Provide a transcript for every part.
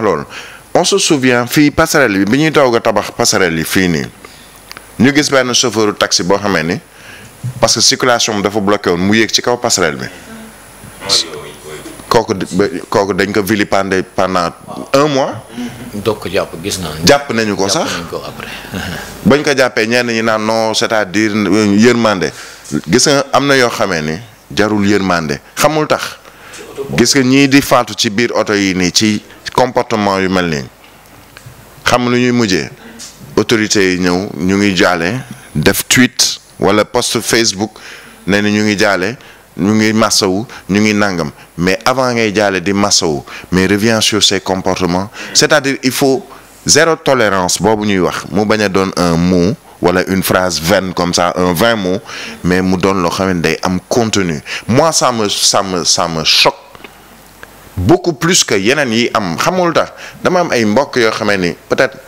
loolu on se souvient fii passerelle bi bi ñuy taw ga tabax passerelle yi fii nii ñu gis benn chauffeur taxi boo xamee ni parce que circulation bi dafa mu yéeg ci kaw passerelle bi kooku kooku dañ ko vilipender pendant un mois. donc jàpp gis naa. jàpp nañu ko sax bañ ko jàppee ñenn ñi naan non c'est-à-dire yërmande gis nga am na yoo xamee ni jarul yërmande xamul tax gis nga ñii di faatu ci biir oto yi nii ci. comportement yu mel nii xam lu ñuy mujjee autorités yi ñëw ñu ngi jaale def tweet wala post Facebook nee na ñu ngi jaale ñu ngi massawu ñu ngi nangam mais avant ngay jaale di massawu mais revient sur ses comportement c'est-à-dire il faut zéro tolérance boobu ñuy wax mu bañ a doon un mot wala une phrase vaine comme ça un vingt mots mais mu doon loo xam ne day am contenu moi ça sàmm ça me beaucoup plus que yeneen yi am xamul tax dama am ay mbokk yoo xamee ni peut-être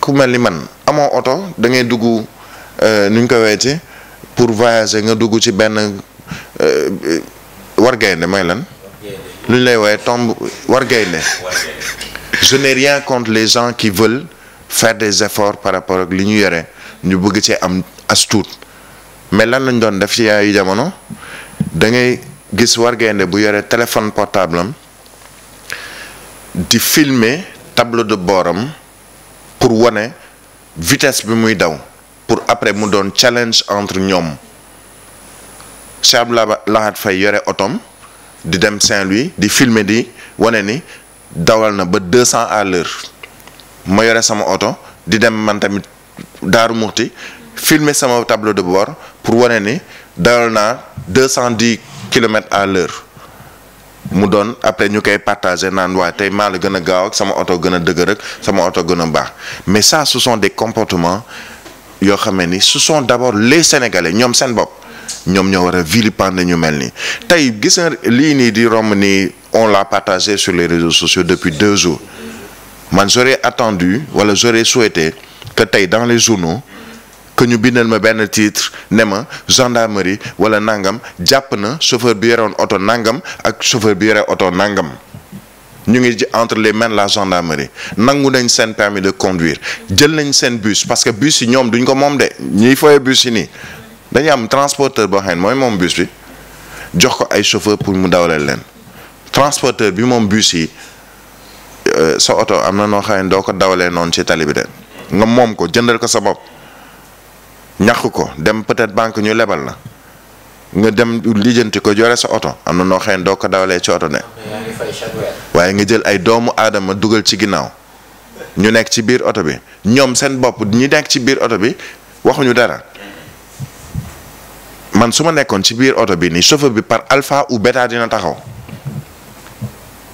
ku mel ni man amoo oto da ngay dugg euh, nu ñu ko weete pour voyager nga dugg ci benn euh, war gaynde mooy lan lu lay wooye tomb war gaynde je rien contre les gens qui veulent faire des efforts par rapport ak li ñu yore ñu bëgg ci am as tuut mais lan lañ doon def ci yaayu jamono da ngay gis wargaynde bu yore téléphone portable di filmer tableau de booram pour wane vitesse bi muy daw pour après mu doon challenge entre ñoom Cheikh Abdou Lahad Faye yore otom di dem Saint-Louis di filmer di wane ni dawal na ba deux cent à l'heure ma yore sama oto di dem man tamit Daaru Muxti filmer sama tableau de bord pour wane ni dawal naa deux cent dix kilomètres à l'heure mu doon après ñu koy partager naan waaye tey maa la gën a gaaw ak sama oto gën a dëgër sama oto gën a baax mais ça ce sont des comportements yoo xam ni ce sont d'abord les sénégalais ñoom seen bopp ñoom ñoo war a vilipender ñu mel nii tey gis lii nii di romb nii on l'a partagé sur les réseaux sociaux depuis deux jours man j'aurais attendu wala j'aurais souhaité que tey dans les journaux que ñu bindal ma benn titre ne ma gendarmerie wala nangam jàpp na chauffeur bi yore woon oto nangam ak chauffeur bi yore oto nangam ñu ngi ji entre les mains la gendarmerie nangu nañ seen permis de conduire jël nañ seen bus parce que bus yi ñoom duñ ko moom de ñiy fooye bus yi nii dañu am transporteur boo xam ne mooy moom bus bi jox ko ay chauffeur pour mu dawaleel leen transporteur bi moom bus yi euh, sa oto am na noo xam doo ko dawalee noonu ci tali bi de nga moom ko jëndal ko sa bopp. ñàkk ko dem peut-être banque ñu lebal la nga dem lijjanti ko jore sa oto am na noo xëy doo ko dawalee ci oto ne waaye nga jël ay doomu aadama dugal ci ginnaaw ñu nekk ci biir oto bi ñoom seen bopp ñu nekk ci biir oto bi waxuñu dara man su ma nekkoon ci biir oto bi nii chauffeur bi par alpha ou bêta dina taxaw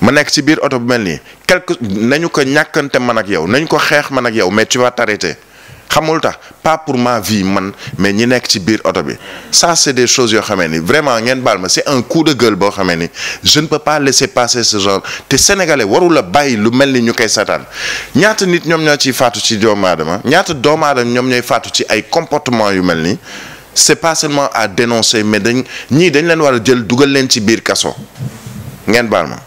ma nekk ci biir oto bu mel nii quelque nañu ko ñàkkante man ak yow nañu ko xeex man ak yow mais tu vas xamul tax pas pour ma vie man mais ñi nekk ci biir oto bi ça c'est des choses yoo xamee ni vraiment ngeen baal ma c'est un coup de gueule boo xamee ni je ne peux pas laisser passer ce genre te sénégalais warul a bàyyi lu mel ni ñu koy sataan ñaata nit ñoom ñoo ciy faatu ci doomu aadama ñaata doomu aadama ñoom ñooy faatu ci ay comportement yu mel ni c'est pas seulement à dénoncer mais dañ ñii dañ leen war a jël dugal leen ci biir kaso ngeen baal ma.